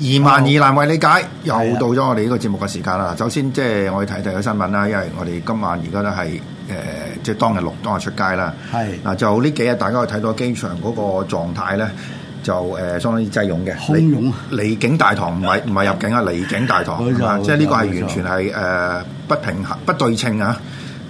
二萬二難為理解，又到咗我哋呢個節目嘅時間啦。的首先，即、就、係、是、我要睇睇個新聞啦，因為我哋今晚而家都係誒，即、呃、係、就是、當日錄當日出街啦。係嗱的，就呢幾日大家可以睇到機場嗰個狀態咧，就誒、呃、相當於擠擁嘅，洶湧離境大堂唔係唔係入境啊，離境大堂，境境大堂 即係呢個係完全係誒、呃、不平衡、不對稱啊。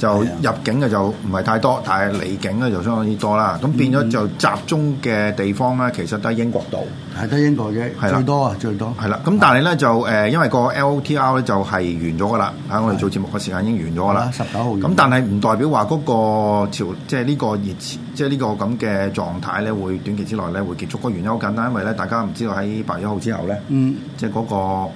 就入境嘅就唔係太多，但係離境咧就相當之多啦。咁變咗就集中嘅地方咧，其實都係英國度，係都英國嘅最多啊，最多。係啦，咁但係咧就誒，因為個 LOTR 咧就係完咗噶啦。喺我哋做節目嘅時間已經完咗噶啦，十九號。咁但係唔代表話嗰個潮，即係呢個熱，即係呢個咁嘅狀態咧，會短期之內咧會結束個原因好簡單，因為咧大家唔知道喺八月一號之後咧，即係嗰個。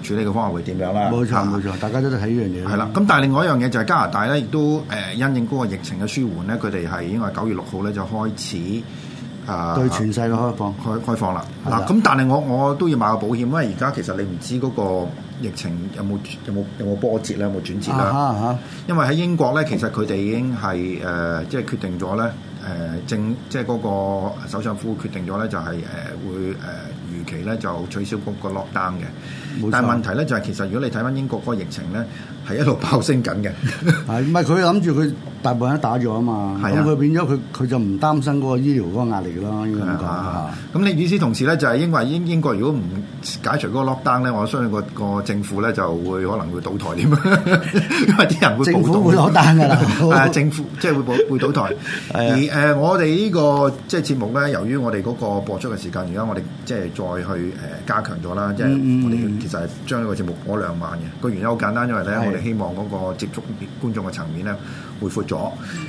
誒處理嘅方案會點樣啦？冇錯，冇錯，啊、大家都都睇依樣嘢。係啦、啊，咁但係另外一樣嘢就係加拿大咧，亦都誒、呃、因應嗰個疫情嘅舒緩咧，佢哋係因為九月六號咧就開始啊對全世界的開放開開放啦。嗱、啊，咁、啊、但係我我都要買個保險，因為而家其實你唔知嗰個疫情有冇有冇有冇波折啦，有冇轉折啦。Uh huh, uh huh. 因為喺英國咧，其實佢哋已經係誒即係決定咗咧，誒政即係嗰個首相府決定咗咧、就係，就係誒會誒。呃期咧就取消嗰個 lockdown 嘅。冇錯但係問題咧就係、是，其實如果你睇翻英國嗰個疫情咧，係一路爆升緊嘅，係唔係佢諗住佢大部分人打咗啊嘛，咁佢是、啊、變咗佢佢就唔擔心嗰個醫療嗰個壓力嘅啦。咁你與此同時咧，就係因為英國英國如果唔解除嗰個 lockdown 咧，我相信個個政府咧就會可能會倒台點 因為啲人會政府會攞單嘅、 啊，誒政府即係、就是、會,會倒台。 是啊、而、呃、我哋呢、這個即係、就是、節目咧，由於我哋嗰個播出嘅時間，而家我哋即係再去誒加強咗啦，即、就、係、是、我哋其實係將呢個節目攞兩晚嘅個、嗯嗯、原因好簡單，因為咧我哋。希望嗰個接觸觀眾嘅層面咧回復咗。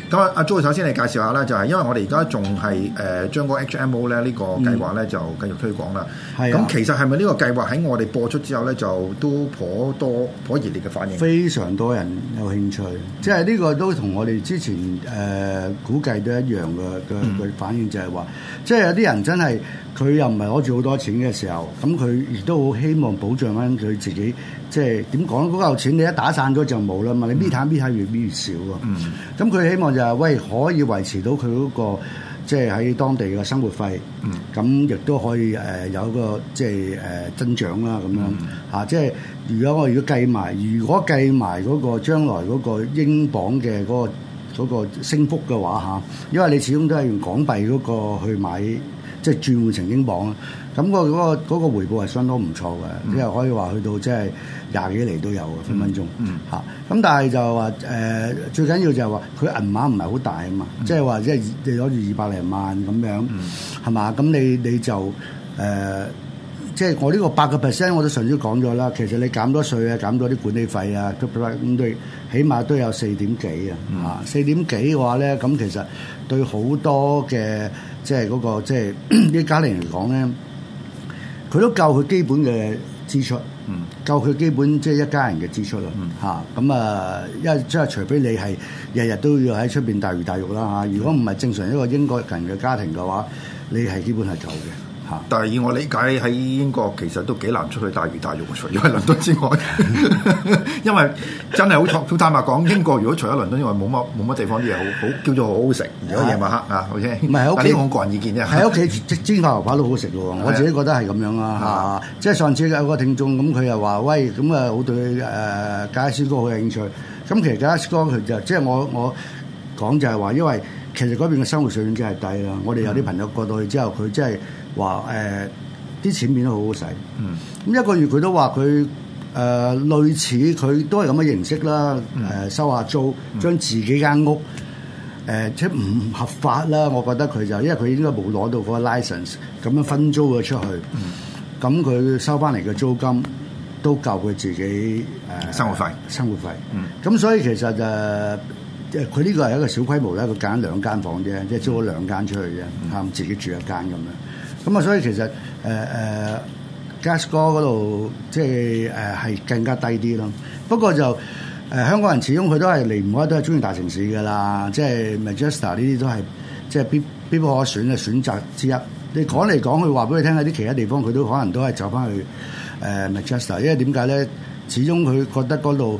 咁阿 Joe 首先你介紹下啦，就係、是、因為我哋而家仲係誒將嗰 HMO 咧呢、這個計劃咧就繼續推廣啦。咁、啊、其實係咪呢個計劃喺我哋播出之後咧，就都頗多頗熱烈嘅反應？非常多人有興趣，即係呢個都同我哋之前誒、呃、估計都一樣嘅嘅嘅反應就是，就係話，即係有啲人真係。佢又唔係攞住好多錢嘅時候，咁佢亦都好希望保障翻佢自己，即係點講？嗰嚿錢你一打散咗就冇啦嘛，嗯、你搣下搣下越搣越少㗎。咁佢、嗯、希望就係、係、喂可以維持到佢嗰、嗰個，即係喺當地嘅生活費。咁亦、嗯、都可以誒、呃、有個即係誒、呃、增長啦咁樣嚇、嗯啊。即係如果我如果計埋，如果計埋嗰個將來嗰個英鎊嘅嗰、嗰個嗰個升幅嘅話嚇，因為你始終都係用港幣嗰個去買。即係轉換成英鎊啊！咁、那、嗰、個那個那個回報係相當唔錯嘅，即係、嗯、可以話去到即係廿幾釐都有啊，分分鐘嚇。咁、嗯嗯啊、但係就話、呃、最緊要就係話佢銀碼唔係好大啊嘛，即係話即係你攞住二百零萬咁樣係嘛？咁、嗯、你你就即係、呃就是、我呢個八個 percent 我都純粹講咗啦。其實你減咗稅啊，減咗啲管理費啊，咁對，起碼都有四點幾啊四、嗯、點幾嘅話咧，咁其實對好多嘅。即係嗰個即係、就是、一家人嚟講咧，佢都夠佢基本嘅支出，嗯，夠佢基本即係、就是、一家人嘅支出咁、嗯、啊！因為即係除非你係日日都要喺出面大魚大肉啦，如果唔係正常一個英國人嘅家庭嘅話，你係基本係夠嘅。但係以我理解喺英國其實都幾難出去大魚大肉，除咗喺倫敦之外，因為真係好錯。好坦白講，英國如果除咗倫敦因為，冇乜冇乜地方啲嘢好叫做好好好食。而你家夜晚黑啊，OK？唔係喺屋企，我個人意見啫。喺屋企煎煎牛扒都好好食喎，我自己覺得係咁樣啦嚇。即係的上次有個聽眾咁，佢又話：喂，咁啊好對誒加斯哥好有興趣。咁其實加斯哥佢就即係我我講就係話，因為其實嗰邊嘅生活水準真係低啦。我哋有啲朋友過到去之後，佢真係～話誒啲錢變得好好使，咁、嗯、一個月佢都話佢誒類似佢都係咁嘅形式啦，誒、呃、收下租，將、嗯、自己間屋誒、呃、即係唔合法啦。我覺得佢就因為佢應該冇攞到個 license，咁樣分租咗出去，咁佢、嗯、收翻嚟嘅租金都夠佢自己誒、呃、生活費，生活費。嗯，咁所以其實就，即係佢呢個係一個小規模啦，佢揀兩間房啫，即、就、係、是、租咗兩間出去啫，咁、嗯、自己住一間咁樣。咁啊、嗯，所以其實誒誒、呃、Glasgow 嗰度即係誒係更加低啲咯。不過就誒、呃、香港人始終佢都係離唔開，都係中意大城市㗎啦。即係 Manchester 呢啲都係即係必必不可選嘅選擇之一。你講嚟講，去話俾你聽喺啲其他地方，佢都可能都係走翻去誒、呃、Manchester，因為點解咧？始終佢覺得嗰度。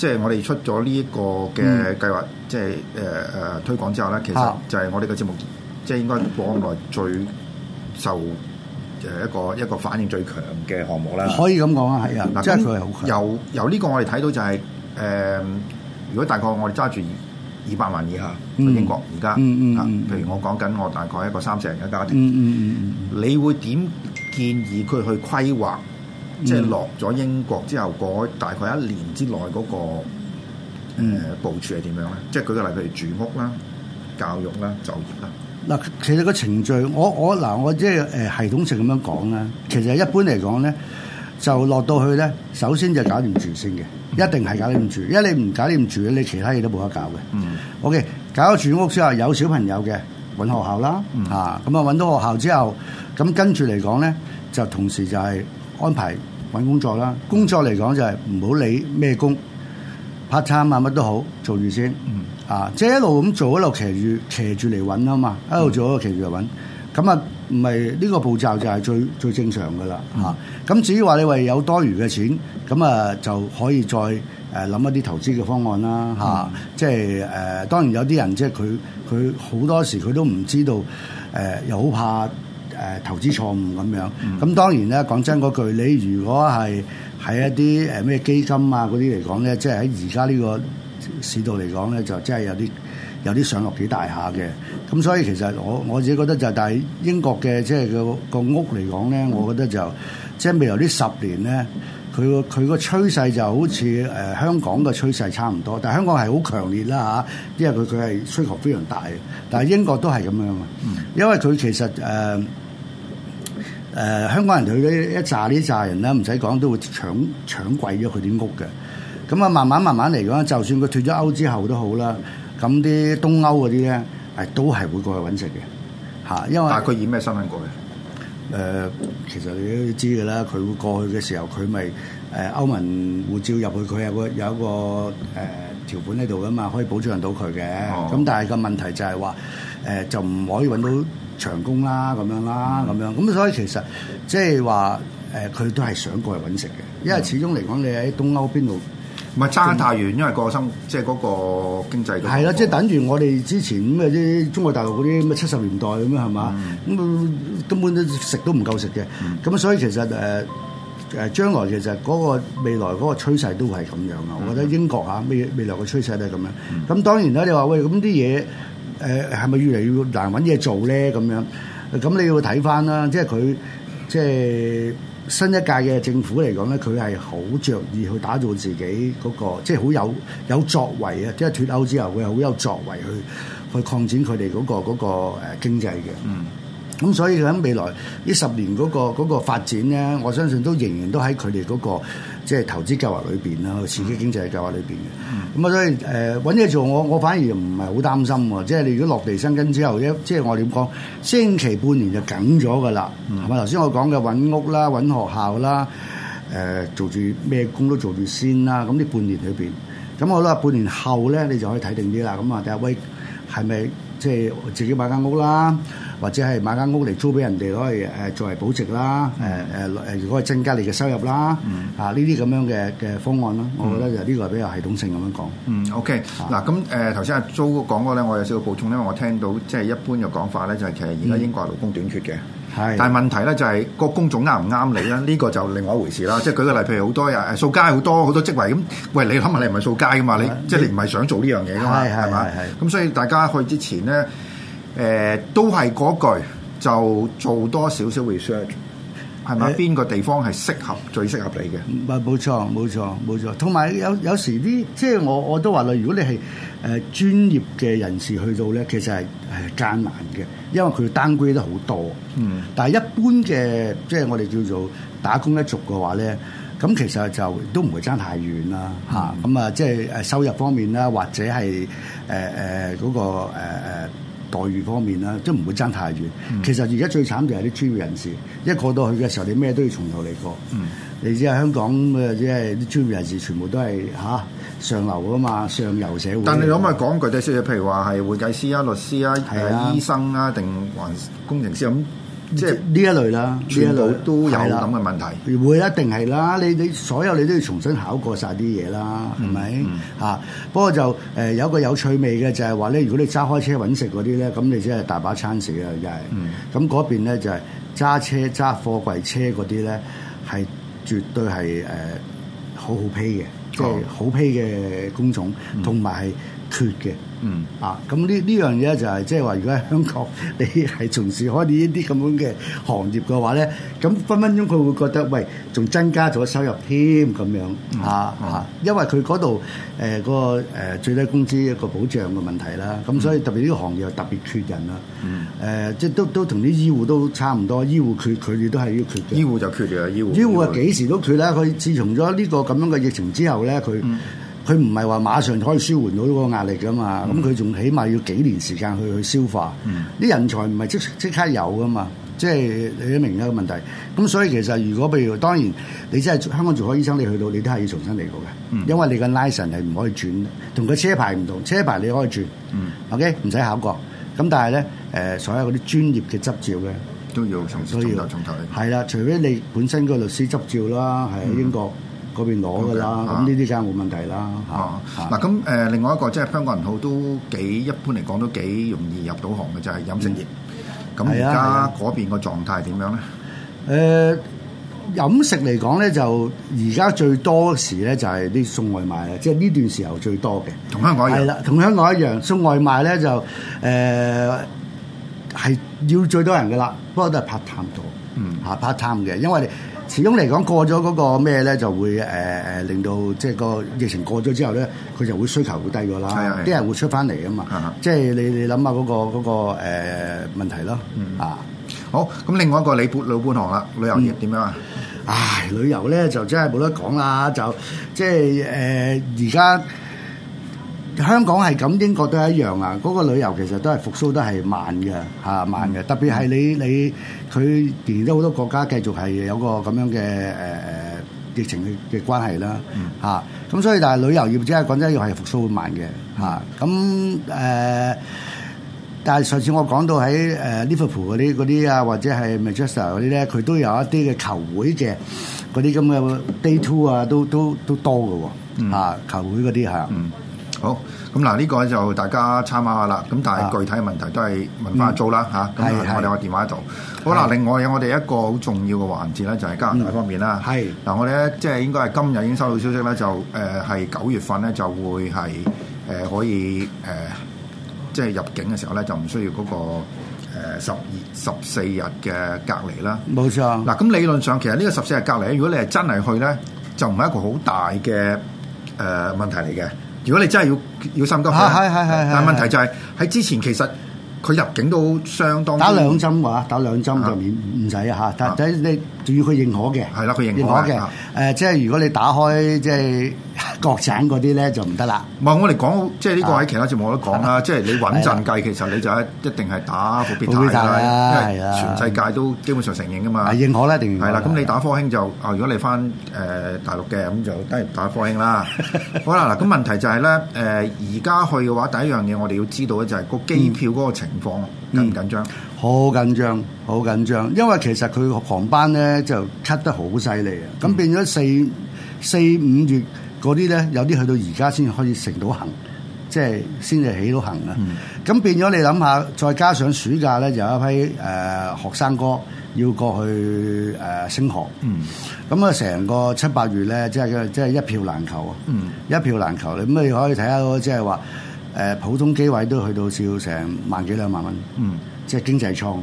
即係我哋出咗呢一個嘅計劃，嗯、即係誒誒推廣之後咧，其實就係我哋嘅節目，即係應該往來最受誒一個一個反應最強嘅項目啦。可以咁講啊，係啊，即係佢係好強由由呢個我哋睇到就係、是、誒、呃，如果大概我哋揸住二百萬以下去英國而家啊，嗯嗯嗯嗯、譬如我講緊我大概是一個三四人嘅家庭，嗯嗯，嗯，嗯你會點建議佢去規劃？即係落咗英國之後，嗰大概一年之內嗰個誒部署係點樣咧？即係、嗯、舉個例，譬如住屋啦、教育啦、就業啦。嗱，其實個程序，我我嗱，我即係誒系統性咁樣講啦。其實一般嚟講咧，就落到去咧，首先就搞掂住先嘅，嗯、一定係搞掂住。因為你唔搞掂住咧，你其他嘢都冇得搞嘅。嗯。OK，搞咗住屋之後，有小朋友嘅揾學校啦，嚇咁、嗯、啊揾到學校之後，咁跟住嚟講咧，就同時就係、是。安排揾工作啦，工作嚟講就係唔好理咩工、嗯、，part time 啊乜都好做住先，嗯、啊即係一路咁做，一路騎住騎住嚟揾啊嘛，一路做，一路騎住嚟揾，咁啊唔係呢個步驟就係最最正常噶啦嚇，咁、嗯啊、至於話你話有多餘嘅錢，咁啊就可以再誒諗、呃、一啲投資嘅方案啦嚇、啊嗯啊，即係誒、呃、當然有啲人即係佢佢好多時佢都唔知道誒、呃、又好怕。誒投資錯誤咁樣，咁當然咧，講真嗰句，你如果係喺一啲誒咩基金啊嗰啲嚟講咧，即係喺而家呢個市道嚟講咧，就真係有啲有啲上落幾大下嘅。咁所以其實我我自己覺得就係、但係英國嘅即係個、個屋嚟講咧，我覺得就即係未來呢十年咧，佢個佢個趨勢就好似誒、呃、香港嘅趨勢差唔多。但係香港係好強烈啦嚇、啊，因為佢佢係需求非常大。但係英國都係咁樣，因為佢其實誒。呃誒、呃、香港人同佢一一揸呢揸人咧，唔使講，都會搶搶貴咗佢啲屋嘅。咁啊，慢慢慢慢嚟講，就算佢脫咗歐之後都好啦。咁啲東歐嗰啲咧，誒都係會過去揾食嘅，嚇。因為佢以咩身份過去？誒、呃，其實你都知嘅啦。佢會過去嘅時候，佢咪誒歐盟護照入去，佢有個有一個誒、呃、條款喺度噶嘛，可以保障到佢嘅。咁、哦、但係個問題就係話誒，就唔可以揾到。長工啦，咁樣啦，咁、嗯、樣咁，所以其實即係話佢都係想過嚟揾食嘅，嗯、因為始終嚟講，你喺東歐邊度唔係差太遠，因為個生即係嗰個經濟。係啦，即、就、係、是、等於我哋之前咁啲中國大陸嗰啲咁嘅七十年代咁樣係嘛，咁、嗯、根本都食都唔夠食嘅。咁、嗯、所以其實、呃、將來其實嗰個未來嗰個趨勢都係咁樣啊！的我覺得英國啊，未未來嘅趨勢都係咁樣。咁、嗯、當然啦，你話喂咁啲嘢。誒係咪越嚟越難揾嘢做咧？咁樣，咁你要睇翻啦。即係佢，即係新一屆嘅政府嚟講咧，佢係好着意去打造自己嗰個，即係好有有作為啊！即係脫歐之後，佢好有作為去去擴展佢哋嗰個嗰個誒經濟嘅。嗯，咁所以佢喺未來呢十年嗰個嗰個發展咧，我相信都仍然都喺佢哋嗰個。即係投資計劃裏邊啦，刺激經濟嘅計劃裏邊嘅。咁啊，所以誒揾嘢做我，我我反而唔係好擔心喎。即係你如果落地生根之後，一即係我點講？星期半年就梗咗㗎啦。係咪頭先我講嘅揾屋啦、揾學校啦、誒、呃、做住咩工都做住先啦。咁呢半年裏邊，咁我諗啊，半年後咧你就可以睇定啲啦。咁啊，第二，係咪即係自己買間屋啦？或者係買間屋嚟租俾人哋可以誒作為保值啦，誒誒誒如果係增加你嘅收入啦，嗯、啊呢啲咁樣嘅嘅方案啦，我覺得就呢個比較系統性咁樣講。嗯，OK，嗱咁誒頭先阿 Joe 講過咧，我有少少補充咧，因為我聽到即係、就是、一般嘅講法咧，就係、是、其實而家英國勞工短缺嘅，係、嗯，但係問題咧就係、是、個工種啱唔啱你咧，呢、這個就另外一回事啦。即係舉個例，譬如好多啊掃街好多好多職位咁，喂你諗下你唔係掃街噶嘛，你即係你唔係你想做呢樣嘢噶嘛，係嘛？咁吧所以大家去之前咧。誒、呃、都係嗰句，就做多少少 research，係咪？邊、呃、個地方係適合最適合你嘅？唔係，冇錯，冇錯，冇錯。同埋有有，有時啲，即係我我都話啦，如果你係誒、呃、專業嘅人士去到咧，其實係係艱難嘅，因為佢 degree 得好多。嗯。但係一般嘅，即係我哋叫做打工一族嘅話咧，咁其實就都唔會爭太遠啦，嚇、嗯。咁啊，即係誒收入方面啦，或者係誒誒嗰個誒、呃待遇方面啦，即係唔會爭太遠。嗯、其實而家最慘就係啲專業人士，一過到去嘅時候，你咩都要從頭嚟過。嗯、你知啊，香港嘅即係啲專業人士全部都係嚇、啊、上流啊嘛，上游社會。但係你諗下可以講句嘅嘢？譬如話係會計師啊、律師、呃、是啊、醫生啊，定還工程師咁？即係呢一類啦，呢一類都有咁嘅啦問題，會一定係啦。你你所有你都要重新考過晒啲嘢啦，係咪、嗯？嚇！嗯啊、不過就誒、呃、有個有趣味嘅就係話咧，如果你揸開車揾食嗰啲咧，咁你真係大把餐食啊！真、就、係、是。咁嗰、嗯、邊咧就係、是、揸車揸貨櫃車嗰啲咧，係絕對係誒、呃、好好 pay 嘅，即係好 pay 嘅工種，同埋、嗯、缺嘅。嗯啊，咁呢呢樣嘢就係即係話，就是、如果喺香港你係從事開呢啲咁樣嘅行業嘅話咧，咁分分鐘佢會覺得喂，仲增加咗收入添咁樣、啊嗯嗯、因為佢嗰度誒個、呃、最低工資一個保障嘅問題啦，咁所以特別呢個行業又特別缺人啦。誒、嗯呃、即都都同啲醫護都差唔多，醫護缺佢哋都係要缺嘅。醫護就缺嘅啦，醫護。醫護幾時都缺啦，佢自從咗呢個咁樣嘅疫情之後咧，佢。嗯佢唔係話馬上可以舒緩到呢個壓力噶嘛，咁佢仲起碼要幾年時間去去消化。啲、嗯、人才唔係即即刻有噶嘛，即係你都明一個問題。咁所以其實如果譬如當然你真係香港做開醫生，你去到你都係要重新嚟過嘅，嗯、因為你嘅 license 係唔可以轉，同個車牌唔同，車牌你可以轉。嗯、OK，唔使考過。咁但係咧、呃、所有嗰啲專業嘅執照呢，都要重新頭要重頭嚟。係啦，除非你本身個律師執照啦，喺英國。嗯嗰邊攞噶啦，咁呢啲梗係冇問題啦。哦、啊，嗱咁誒，啊、另外一個即係、就是、香港人好都幾一般嚟講都幾容易入到行嘅就係飲食業。咁而家嗰邊個狀態點樣咧？誒、呃，飲食嚟講咧，就而家最多時咧就係啲送外賣啊，即係呢段時候最多嘅。同香港一樣，係啦，同香港一樣送外賣咧就誒係、呃、要最多人嘅啦，不過都係 part time 多，嗯嚇 part time 嘅，因為。始終嚟講過咗嗰個咩咧，就會誒誒、呃、令到即係個疫情過咗之後咧，佢就會需求會低咗啦。啲、啊啊、人會出翻嚟啊嘛，係啊即係你你諗下嗰個嗰、嗰個誒、呃、問題咯。嗯、啊好，好咁，另外一個你老伴行啦，旅遊業點樣啊？唉，旅遊咧就真係冇得講啦，就即係誒而家。呃香港係咁，英國都係一樣啊！嗰個旅遊其實都係復甦得係慢嘅、啊，慢嘅。特別係你你佢而家好多國家繼續係有個咁樣嘅、呃、疫情嘅嘅關係啦，嚇、嗯啊。咁所以但係旅遊業即係講真，又係復甦會慢嘅，嚇、啊。咁、呃、但係上次我講到喺誒利物浦嗰啲嗰啲啊，或者係 Manchester 嗰啲咧，佢都有一啲嘅球會嘅嗰啲咁嘅 day two 啊，都都都多嘅喎、啊，球會嗰啲係好，咁嗱呢個就大家參考下啦。咁但係具體嘅問題都係問翻阿 Jo 啦嚇。咁我哋個電話喺度。好嗱，是另外有我哋一個好重要嘅環節咧，就係加拿大方面啦。嗱、嗯，我哋咧即係應該係今日已經收到消息咧，就誒係九月份咧就會係誒、呃、可以誒即係入境嘅時候咧，就唔需要嗰、那個誒十十四日嘅隔離啦。冇錯錯。嗱咁理論上其實呢個十四日隔離，如果你係真係去咧，就唔係一個好大嘅誒、呃、問題嚟嘅。如果你真係要要三針，啊、但問題就係、係、喺之前其實佢入境都相當打兩針話，打兩針就免唔使呀。吓但係你。要佢認可嘅，係啦，佢認可嘅。誒，即係如果你打開即係國產嗰啲咧，就唔得啦。唔係，我哋講即係呢個喺其他節目我都講啦。即係你穩陣計，其實你就一一定係打復必泰啦，因為全世界都基本上承認噶嘛。係認可咧定？係啦，咁你打科興就啊，如果你返誒大陸嘅咁就梗係打科興啦。好啦，嗱，咁問題就係咧，誒而家去嘅話，第一樣嘢我哋要知道咧就係個機票嗰個情況緊唔緊張？好緊張，好緊張，因為其實佢航班咧就 cut 得好犀利啊！咁、嗯、變咗四四五月嗰啲咧，有啲去到而家先可以成到行，即係先至起到行啊！咁、嗯、變咗你諗下，再加上暑假咧，有一批、呃、學生哥要過去誒、呃、升學，咁啊成個七八月咧，即係即係一票難求啊！一票難求，咁、嗯、你可以睇下，即係話、呃、普通機位都去到少成萬幾兩萬蚊。嗯即係經濟艙，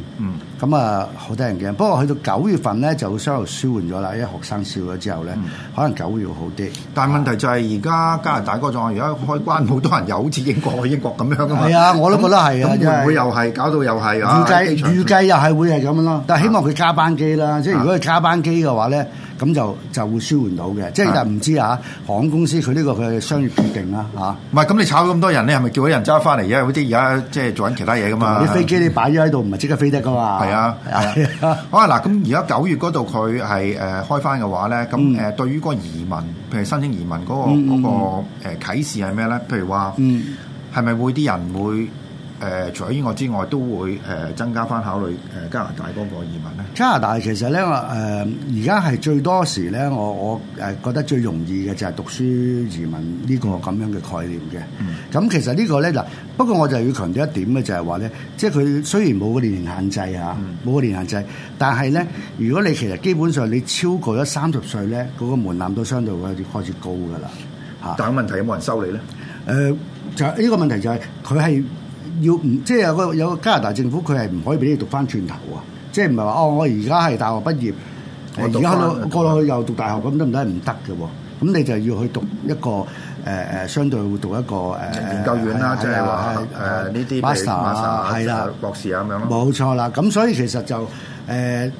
咁啊好得人驚。不過去到九月份咧，就稍為舒緩咗啦，因為學生少咗之後咧，嗯、可能九月好啲。但問題就係而家加拿大嗰種，而家開關好多人又好似英國去英國咁樣噶嘛。係、嗯、啊，我都覺得係啊。會又係、就是、搞到又係計啊？預計預計又係會係咁咯。但希望佢加班機啦，啊、即係如果係加班機嘅話咧。咁就就會舒緩到嘅，即係就唔知啊！航空的公司佢呢個佢商業決定啦吓。唔係咁你炒咗咁多人咧，係咪叫咗人揸翻嚟？因為好啲而家即係做緊其他嘢噶嘛？啲飛機你擺咗喺度，唔係即刻飛得噶嘛？係啊，好啊！嗱，咁而家九月嗰度佢係誒開翻嘅話咧，咁誒對於嗰個移民，譬如申請移民嗰個、嗰個、嗯、啟示係咩咧？譬如話係咪會啲人會？誒、呃，除咗英國之外，都會誒、呃、增加翻考慮誒加拿大嗰個移民咧。加拿大其實咧，誒而家係最多時咧，我我誒覺得最容易嘅就係讀書移民呢個咁樣嘅概念嘅。嗯。咁其實這個呢個咧嗱，不過我就要強調一點咧，就係話咧，即係佢雖然冇個年齡限制嚇，冇個、嗯啊、年限制，但係咧，如果你其實基本上你超過咗三十歲咧，嗰、那個門檻都相對會開始開始高噶啦嚇。但係問題有冇人收你咧？誒、呃，就呢個問題就係佢係。要唔即有個有加拿大政府佢係唔可以俾你讀翻轉頭啊！即係唔係話哦？我而家係大學畢業，而家過到落去又讀大學咁都唔得唔得嘅喎！咁你就要去讀一個相對會讀一個研究院啦，即係話誒呢啲 master 啦，博士啊咁樣冇錯啦！咁所以其實就誒，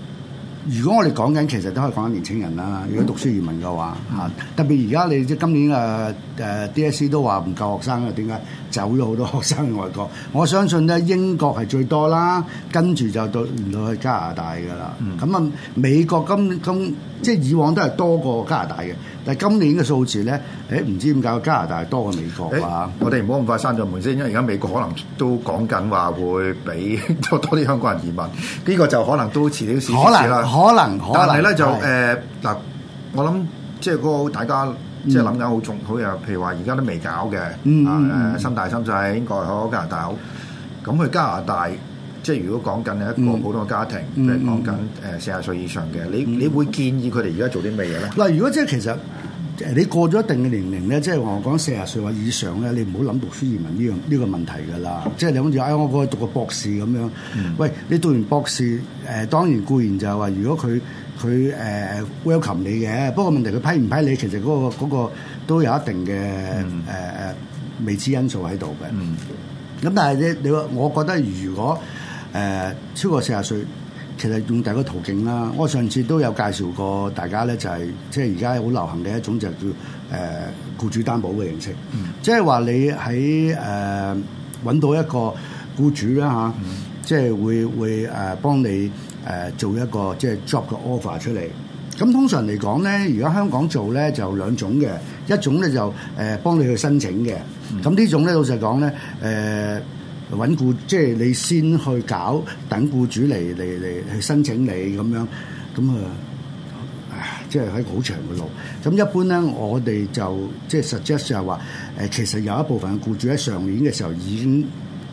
如果我哋講緊其實都可以講緊年輕人啦。如果讀書移民嘅話嚇特別而家你即今年誒誒 DSE 都話唔夠學生啊？點解？走咗好多學生去外國，我相信咧英國係最多啦，跟住就到連到去加拿大噶啦。咁啊、嗯、美國今今即係以往都係多過加拿大嘅，但係今年嘅數字咧，誒、哎、唔知點解加拿大係多過美國啊。欸、我哋唔好咁快閂咗門先，因為而家美國可能都講緊話會俾多多啲香港人移民，呢、這個就可能都遲啲少少啦。可能可能可能但係呢咧的就誒嗱、呃，我諗即係嗰個大家。即係諗緊好重好又，譬如話而家都未搞嘅，嗯、啊誒，深大深細應該好加拿大好。咁去加拿大，即係如果講緊一個普通嘅家庭，即、嗯、如講緊誒四十歲以上嘅，嗯、你你會建議佢哋而家做啲咩嘢咧？嗱、嗯，嗯、如果即係其實誒你過咗一定嘅年齡咧，即、就、係、是、我講四十歲或以上咧，你唔好諗讀書移民呢樣呢個問題㗎啦。即、就、係、是、你諗住，哎，我過去讀個博士咁樣。嗯、喂，你讀完博士誒，當然固然就係話，如果佢佢誒 welcome 你嘅，不過問題，佢批唔批你，其實嗰、那個嗰、那個都有一定嘅誒誒未知因素喺度嘅。咁、嗯、但係你你我覺得如果誒、呃、超過四十歲，其實用第二個途徑啦。我上次都有介紹過大家咧、就是，就係即係而家好流行嘅一種，就係叫誒僱主擔保嘅形式，即係話，你喺誒揾到一個僱主啦吓，即、啊、係、就是、會會誒幫、呃、你。誒做一個即係 job 嘅 offer 出嚟，咁通常嚟講咧，而家香港做咧就兩種嘅，一種咧就誒、呃、幫你去申請嘅，咁呢種咧老實講咧誒揾僱，即、呃、係、就是、你先去搞，等僱主嚟嚟嚟去申請你咁樣，咁啊，即係喺好長嘅路。咁一般咧，我哋就即係、就是、suggest 就係話，誒、呃、其實有一部分嘅僱主喺上年嘅時候已經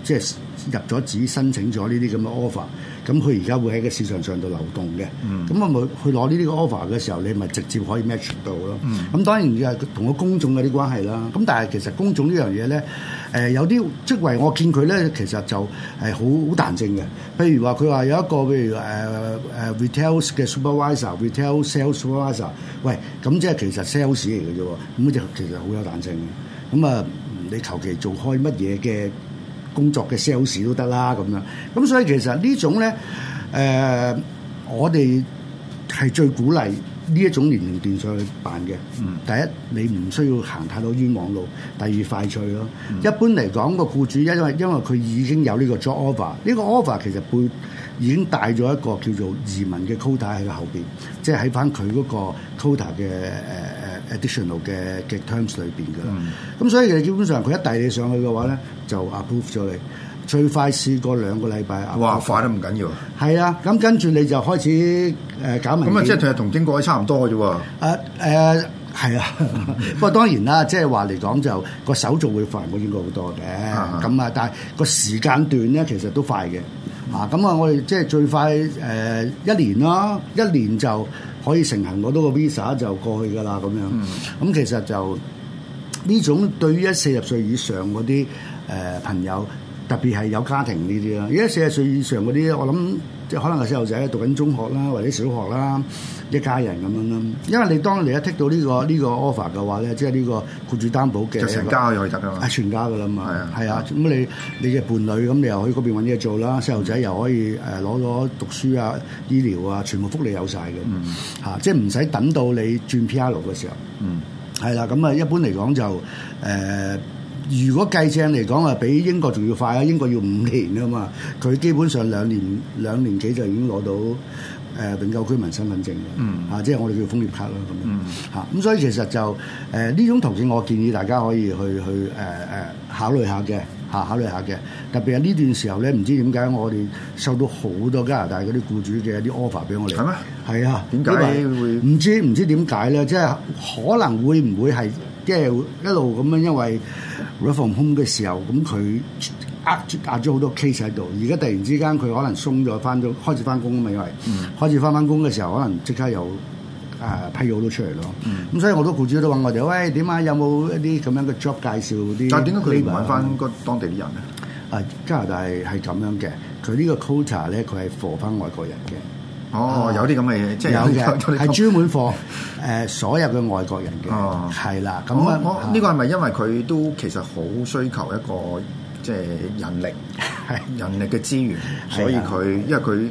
即係、就是、入咗紙申請咗呢啲咁嘅 offer。咁佢而家會喺個市場上度流動嘅，咁我咪去攞呢啲個 offer 嘅時候，你咪直接可以 match 到咯。咁、嗯、當然就係同個公眾嘅啲關係啦。咁但係其實公眾呢樣嘢咧，有啲職位我見佢咧，其實就係好好彈性嘅。譬如話佢話有一個譬如誒、uh, retail 嘅 supervisor，retail sales supervisor，喂，咁即係其實 sales 嚟嘅啫喎，咁就其實好有彈性嘅。咁啊，你求其做開乜嘢嘅工作嘅 sales 都得啦，咁樣，咁所以其實這種呢種咧，誒、呃，我哋係最鼓勵呢一種年齡段上去辦嘅。嗯，第一，你唔需要行太多冤枉路；第二，快脆咯。嗯，一般嚟講個雇主因為因為佢已經有呢個 job offer，呢個 offer 其實背已經帶咗一個叫做移民嘅 quota 喺佢後邊，即係喺翻佢嗰個 quota 嘅誒。呃 additional 嘅嘅 terms 裏邊噶，咁所以其實基本上佢一遞你上去嘅話咧，嗯、就 approve 咗你，最快試過兩個禮拜哇，哇快都唔緊要。係啊，咁跟住你就開始誒、呃、搞文。咁啊，即係同同英國差唔多啫喎。誒誒係啊， 不過當然啦，即、就、係、是、話嚟講就個手續會快過英國好多嘅，咁啊，但係個時間段咧其實都快嘅，啊咁、嗯嗯、啊，我哋即係最快誒、呃、一年囉，一年就。可以成行，我都個 visa 就過去㗎啦，咁樣。嗯、咁其實就呢種對於四十歲以上嗰啲、呃、朋友。特別係有家庭呢啲啦，而家四十歲以上嗰啲，我諗即係可能係細路仔讀緊中學啦，或者小學啦，一家人咁樣啦。因為你當你一剔到呢、呢個呢、呢個 offer 嘅話咧，即係呢個僱主擔保嘅，就全家又以可得啊嘛，係全家噶啦嘛，係啊的，係啊的，咁你你嘅伴侶咁你又去嗰邊揾嘢做啦，細路仔又可以誒攞攞讀書啊、醫療啊，全部福利有晒嘅，嚇、嗯，即係唔使等到你轉 PR 嘅時候，嗯，係啦，咁啊，一般嚟講就誒。呃如果計正嚟講啊，比英國仲要快啊！英國要五年啊嘛，佢基本上兩年兩年幾就已經攞到誒、呃、永久居民身份證嘅，嗯、啊，即係我哋叫楓葉卡啦咁樣嚇。咁、嗯啊、所以其實就誒呢、呃、種途徑，我建議大家可以去去誒誒考慮下嘅嚇，考慮下嘅。特別係呢段時候咧，唔知點解我哋收到好多加拿大嗰啲僱主嘅一啲 offer 俾我哋係咩？係嗎啊，點解會唔知唔知點解咧？即、就、係、是、可能會唔會係？即係一路咁樣，因為 reform home 嘅時候，咁佢壓住咗好多 case 喺度。而家突然之間，佢可能鬆咗翻咗，開始翻工因咪，開始翻翻工嘅時候，可能即刻又啊批咗出嚟咯。咁、嗯、所以我都僱主都問我哋，喂，點解有冇一啲咁樣嘅 job 介紹啲？但係點解佢唔揾翻個當地啲人咧？啊，加拿大係咁樣嘅，佢呢個 quota 咧，佢係 for 翻外國人嘅。哦，有啲咁嘅嘢，即係係專門課，誒，所有嘅外國人嘅，係啦。咁我呢個係咪因為佢都其實好需求一個即係人力，人力嘅資源，所以佢因為佢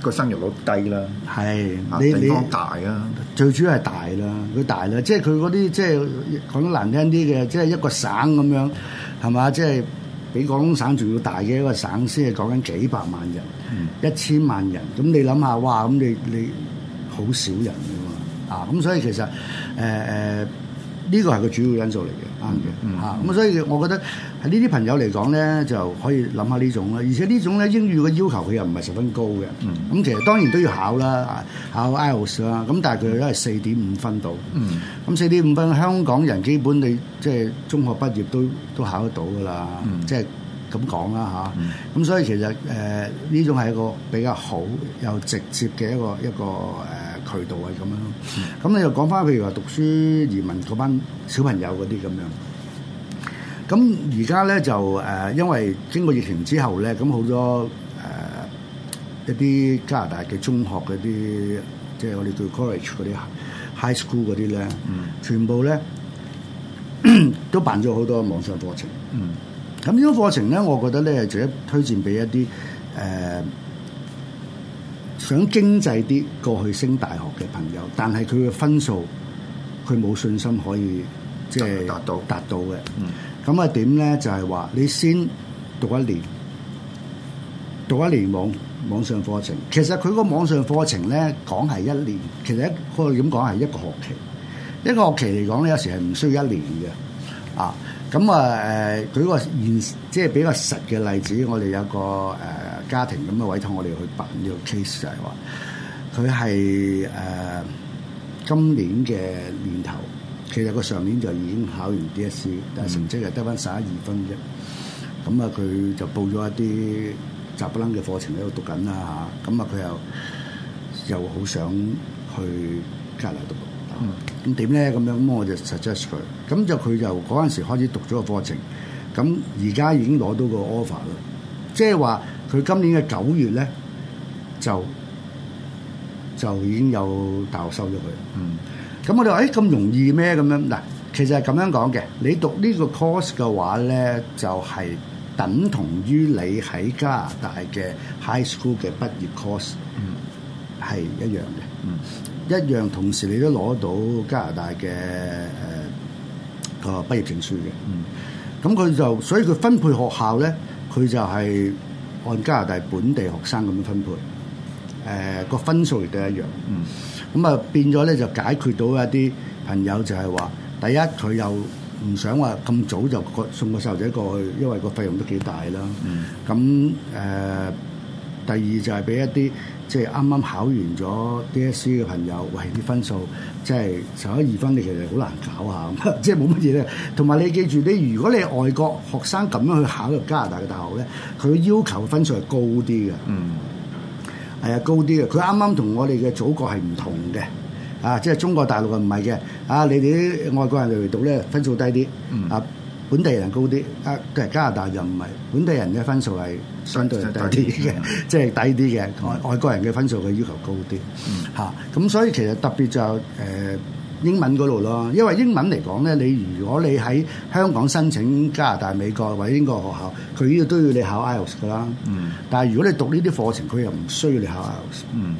個生育率低啦。係，你你大啊，最主要係大啦，佢大啦，即係佢嗰啲即係講得難聽啲嘅，即係一個省咁樣，係嘛，即係。比廣東省仲要大嘅一個省，先係講緊幾百萬人，嗯、一千萬人，咁你諗下，哇！咁你你好少人嘅喎，啊！咁所以其實誒誒，呢、呃呃呢個係個主要因素嚟嘅，啱嘅，嗯，嚇咁、嗯啊、所以我覺得。喺呢啲朋友嚟講咧，就可以諗下呢種啦。而且呢種咧英語嘅要求佢又唔係十分高嘅。嗯。咁其實當然都要考啦，考 IELTS 啦。咁但係佢都係四點五分到。嗯。咁四點五分香港人基本你即係中學畢業都都考得到㗎啦。嗯。即係咁講啦嚇。嗯。咁所以其實誒呢種係一個比較好又直接嘅一個一個誒渠道係咁樣。嗯。咁你就講返譬如話讀書移民嗰班小朋友嗰啲咁樣。咁而家咧就誒、呃，因為經過疫情之後咧，咁好多誒、呃、一啲加拿大嘅中學嗰啲，即係我哋叫 college 嗰啲、high school 嗰啲咧，嗯、全部咧都辦咗好多網上課程。嗯，咁呢種課程咧，我覺得咧，就一推薦俾一啲誒、呃、想經濟啲過去升大學嘅朋友，但係佢嘅分數佢冇信心可以即係達到達到嘅。嗯。咁啊，點咧？就係話你先讀一年，讀一年網網上課程。其實佢個網上課程咧講係一年，其實一個點講係一個學期。一個學期嚟講咧，有時係唔需要一年嘅。啊，咁啊誒舉個現即係比較實嘅例子，我哋有個誒、呃、家庭咁啊委託我哋去辦呢、這個 case 就係話，佢係誒今年嘅年頭。其實佢上年就已經考完 DSE 但係成績係得翻十一二分啫。咁啊，佢就報咗一啲雜不楞嘅課程喺度讀緊啦嚇。咁啊，佢又又好想去加拿大讀。咁點咧？咁樣咁我就 suggest 佢。咁就佢就嗰陣時開始讀咗個課程。咁而家已經攞到個 offer 啦。即係話佢今年嘅九月咧，就就已經有大學收咗佢。嗯。咁我哋話誒咁容易咩咁樣嗱？其實係咁樣講嘅。你讀呢個課嘅呢個 course 嘅話咧，就係、係、等同於你喺加拿大嘅 high school 嘅畢業 course 係、嗯、一樣嘅，嗯、一樣。同時你都攞到加拿大嘅誒個畢業證書嘅。咁佢、嗯、就所以佢分配學校咧，佢就係按加拿大本地學生咁樣分配。誒、呃、個分數亦都一樣。嗯咁啊，就變咗咧就解決到一啲朋友就係話，第一佢又唔想話咁早就送個細路仔過去，因為個費用都幾大啦。咁、嗯呃、第二就係俾一啲即係啱啱考完咗 DSE 嘅朋友，喂、哎、啲分數即係十一二分你其實好難搞下，即係冇乜嘢咧。同埋你記住，你如果你係外國學生咁樣去考入加拿大嘅大學咧，佢要求分數係高啲嘅。嗯係啊，高啲嘅，佢啱啱同我哋嘅祖國係唔同嘅，啊，即係中國大陸嘅唔係嘅，啊，你哋啲外國人嚟到咧分數低啲，嗯、啊，本地人高啲，啊，即係加拿大又唔係本地人嘅分數係相對低啲嘅，即係低啲嘅，外、 嗯、外國人嘅分數嘅要求高啲，嚇、嗯，咁、啊、所以其實特別就誒。呃英文嗰度咯，因為英文嚟講咧，你如果你喺香港申請加拿大、美國或者英國學校，佢都要都要你考 IELTS 噶啦。嗯。但係如果你讀呢啲課程，佢又唔需要你考 IELTS。嗯。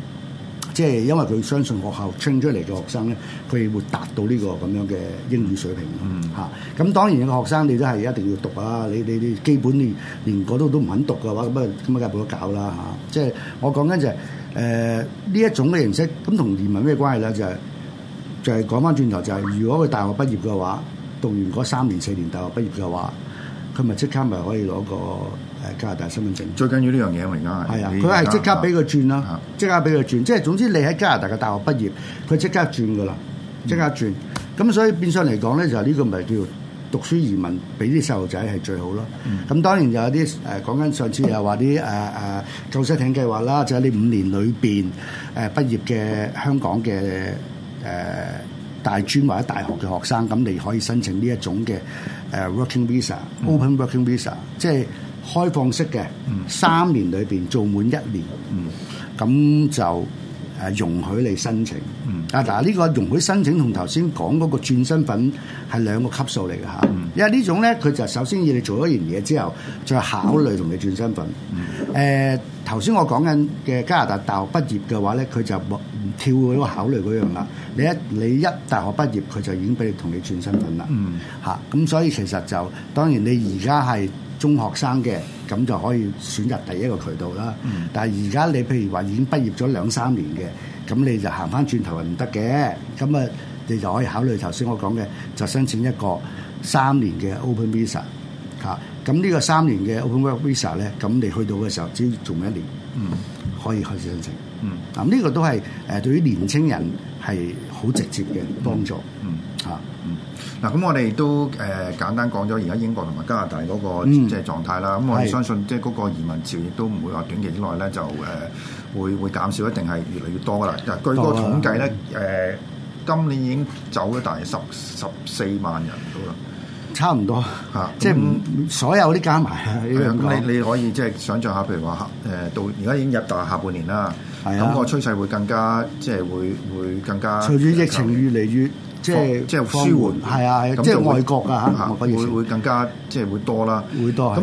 即係因為佢相信學校出咗嚟嘅學生咧，佢會達到呢個咁樣嘅英語水平。嗯。嚇、啊，咁當然個學生你都係一定要讀啊！你你你基本你連嗰度都唔肯讀嘅話，咁啊咁啊梗係冇得搞啦嚇！即、啊、係、就是、我講緊就係誒呢一種嘅形式，咁同移民咩關係咧？就係、是。誒講翻轉頭就係、是，如果佢大學畢業嘅話，讀完三年四年大學畢業嘅話，佢咪即刻咪可以攞個誒加拿大身份證？最緊要呢樣嘢啊，而家係啊，佢係即刻俾佢轉咯，即刻俾佢轉。即係總之，你喺加拿大嘅大學畢業，佢即刻轉噶啦，即刻轉。咁、嗯、所以變相嚟講咧，就呢個咪叫讀書移民，俾啲細路仔係最好咯。咁、嗯、當然就有啲誒、啊、講緊上次又話啲誒誒救生艇計劃啦，就喺、是、呢五年裏邊誒畢業嘅香港嘅。誒、呃，大專或者大學嘅學生，咁你可以申請呢一種嘅誒、呃、working visa，open、mm. working visa，即係開放式嘅，mm. 三年裏邊做滿一年，咁、mm. 就誒、呃、容許你申請。啊嗱，呢個容許申請同頭先講嗰個轉身份係兩個級數嚟嘅吓，mm. 因為這種呢種咧，佢就首先要你做咗件嘢之後，再考慮同你轉身份。誒、mm. 呃，頭先我講緊嘅加拿大大學畢業嘅話咧，佢就冇。跳嗰個考慮嗰樣啦，你一你一大學畢業佢就已經俾你同你轉身份啦，嚇咁、嗯啊、所以其實就當然你而家係中學生嘅，咁就可以選擇第一個渠道啦。但係而家你譬如話已經畢業咗兩三年嘅，咁你就走回行翻轉頭係唔得嘅，咁啊你就可以考慮頭先我講嘅，就申請一個三年嘅 Open Visa，嚇咁呢個三年嘅 Open Work Visa 咧，咁你去到嘅時候只要做一年。嗯，可以開始申請。嗯，嗱呢、啊這個都係誒、呃、對於年青人係好直接嘅幫助。嗯，嚇，嗯。嗱咁、啊嗯、我哋都誒、呃、簡單講咗而家英國同埋加拿大嗰、那個經濟、嗯、狀態啦。咁我哋相信是即係嗰個移民潮亦都唔會話短期之內咧就誒、呃、會會減少，一定係越嚟越多噶啦。即係據個統計咧，誒、嗯呃、今年已經走咗大約十十四萬人到啦。差唔多，嚇，即係所有啲加埋，咁你你可以即係想像下，譬如話，誒到而家已經入到下半年啦，咁個趨勢會更加，即係會會更加隨住疫情越嚟越，即係即係舒緩，係啊，咁即係外國啊嚇，會會更加，即係會多啦，會多咁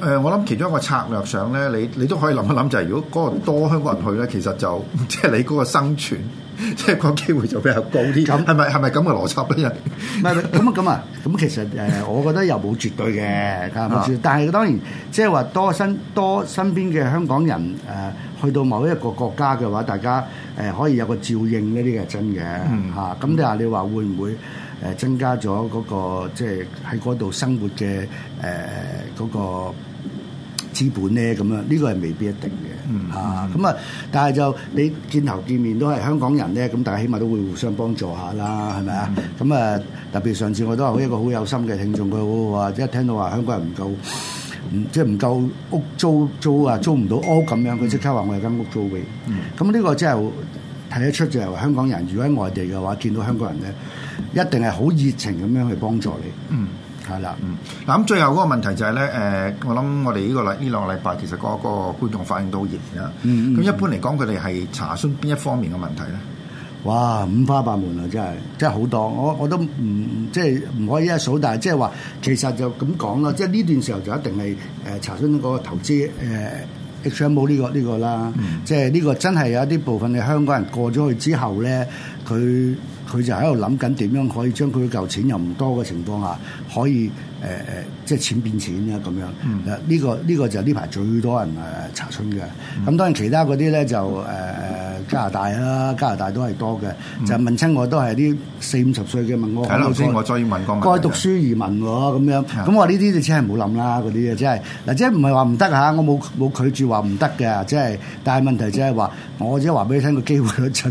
誒，我諗其中一個策略上咧，你你都可以諗一諗，就係如果嗰個多香港人去咧，其實就即係你嗰個生存。即係個機會就比較高啲，係咪係咪咁嘅邏輯咧？唔係咁咁啊，咁其實誒，我覺得又冇絕對嘅，但係當然，即係話多身多身邊嘅香港人誒、呃，去到某一個國家嘅話，大家誒、呃、可以有個照應呢啲係真嘅嚇。咁、嗯啊、你話你話會唔會誒增加咗嗰、嗰個即係喺嗰度生活嘅誒嗰個？資本咧咁樣，呢個係未必一定嘅嚇。咁、嗯嗯、啊，但係就你見頭見面都係香港人咧，咁大家起碼都會互相幫助下啦，係咪啊？咁啊、嗯，特別上次我都話好一個好有心嘅聽眾，佢話一聽到話香港人唔夠，唔即係唔夠屋租租啊，租唔到屋咁、哦、樣，佢即刻話我有間屋租俾。咁呢、嗯嗯、個真係睇得出就係、話、香港人，如果喺外地嘅話，見到香港人咧，一定係好熱情咁樣去幫助你。嗯係啦，嗯，嗱咁最後嗰個問題就係、是、咧，誒、呃，我諗我哋呢個禮呢兩個禮拜其實個個觀眾反應都好熱嘅，咁、嗯、一般嚟講，佢哋係查詢邊一方面嘅問題咧？哇，五花八門啊，真係真係好多，我我都唔即係唔可以一數，但係即係話其實就咁講咯，即係呢段時候就一定係誒查詢嗰個投資誒、呃、HMO 呢、這個呢、這個啦，嗯、即係呢個真係有一啲部分嘅香港人過咗去之後咧，佢。佢就喺度諗緊點樣可以將佢嗰嚿錢又唔多嘅情況下，可以誒誒、呃，即係錢變錢啊咁樣。誒呢、嗯這個呢、這個就呢排最，最多人誒查詢嘅。咁、嗯、當然其他嗰啲咧就誒誒。嗯呃加拿大啦，加拿大是的、嗯、是都係多嘅，就問親我都係啲四五十歲嘅問我。睇嚟先，我再問個問題。該讀書移民喎，咁樣咁是的 我呢啲你真係冇諗啦，嗰啲嘢真係嗱，即係唔係話唔得嚇？我冇冇拒絕話唔得嘅，即、就、係、是，但係問題即係話，嗯、我即係話俾你聽，個機會率即係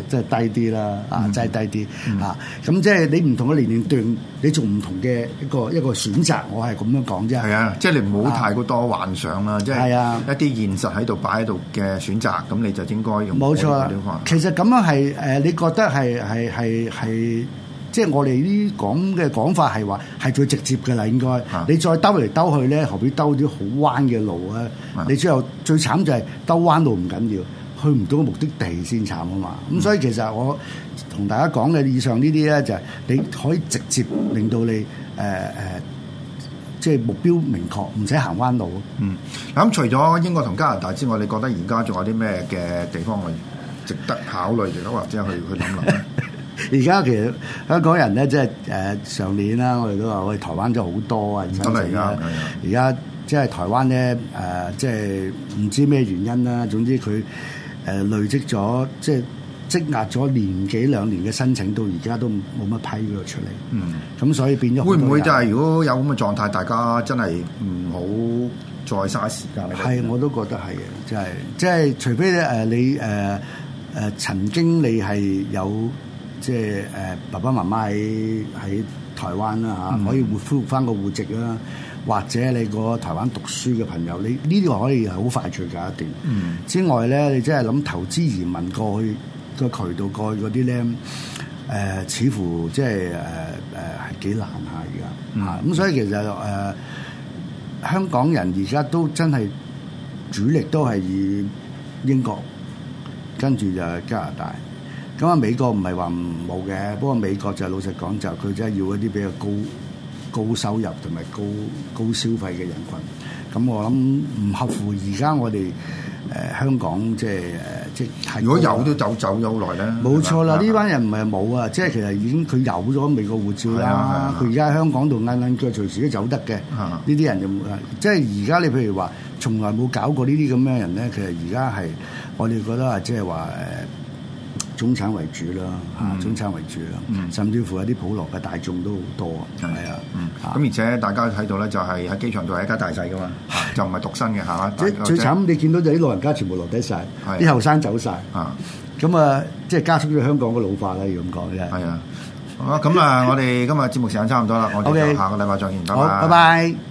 低啲啦，就是嗯、啊，真係低啲嚇，咁即係你唔同嘅年齡段。你做唔同嘅一個一個選擇，我係咁樣講啫。係啊，即係你唔好太過多幻想啦，啊、即係一啲現實喺度擺喺度嘅選擇，咁你就應該用這。冇錯，其實咁樣係誒、呃，你覺得係係係係，即係我哋呢講嘅講法係話係最直接嘅啦。應該、啊、你再兜嚟兜去咧，何必兜啲好彎嘅路啊？你最後最慘就係兜彎路唔緊要。去唔到目的地先慘啊嘛！咁所以其實我同大家講嘅以上這些呢啲咧，就係、是、你可以直接令到你誒誒、呃，即係目標明確，唔使行彎路。嗯。咁、嗯、除咗英國同加拿大之外，你覺得而家仲有啲咩嘅地方係值得考慮嘅咧，或者去去諗諗？而家 其實香港人咧，即係誒上年啦，我哋都話我哋台灣咗好多啊。咁而家而家即係台灣咧誒，即係唔知咩原因啦，總之佢。誒累積咗，即係積壓咗年幾兩年嘅申請，到而家都冇乜批咗出嚟。嗯，咁所以變咗會唔會就係如果有咁嘅狀態，大家真係唔好再嘥時間。係，我都覺得係嘅，就係、係、即係除非誒、呃、你誒誒、呃呃，曾經你係有即係誒、呃、爸爸媽媽喺喺台灣啦嚇，啊嗯、唔可以恢復翻個戶籍啦、啊。或者你個台灣讀書嘅朋友，你呢啲可以好快脆搞掂。嗯、之外咧，你真係諗投資移民過去嘅渠道過去嗰啲咧，似乎即係誒係幾難下，而家咁，所以其實誒、呃、香港人而家都真係主力都係以英國，跟住就係加拿大。咁啊美國唔係話冇嘅，不過美國就係、老實講就佢真係要一啲比較高。高收入同埋高高消費嘅人群，咁我諗唔合乎而家我哋誒、呃、香港、呃、即係誒即係如果有都走走咗好耐咧，冇錯啦。呢吧班人唔係冇啊，即係其實已經佢有咗美國護照啦，佢而家喺香港度揞揞腳，隨時都走得嘅。呢啲、啊、人就即係而家你譬如話從來冇搞過呢啲咁嘅人咧，其實而家係我哋覺得話即係話誒。呃中產為主啦，嚇中產為主啦，甚至乎有啲普羅嘅大眾都好多啊，係啊，咁而且大家睇到咧就係喺機場度係一家大細噶嘛，就唔係獨身嘅嚇嘛。最最慘你見到就啲老人家全部落低晒，啲後生走曬，咁啊即係加速咗香港嘅老化啦，要咁講啫。係啊，好啦，咁啊，我哋今日節目時間差唔多啦，我哋下個禮拜再見，拜拜。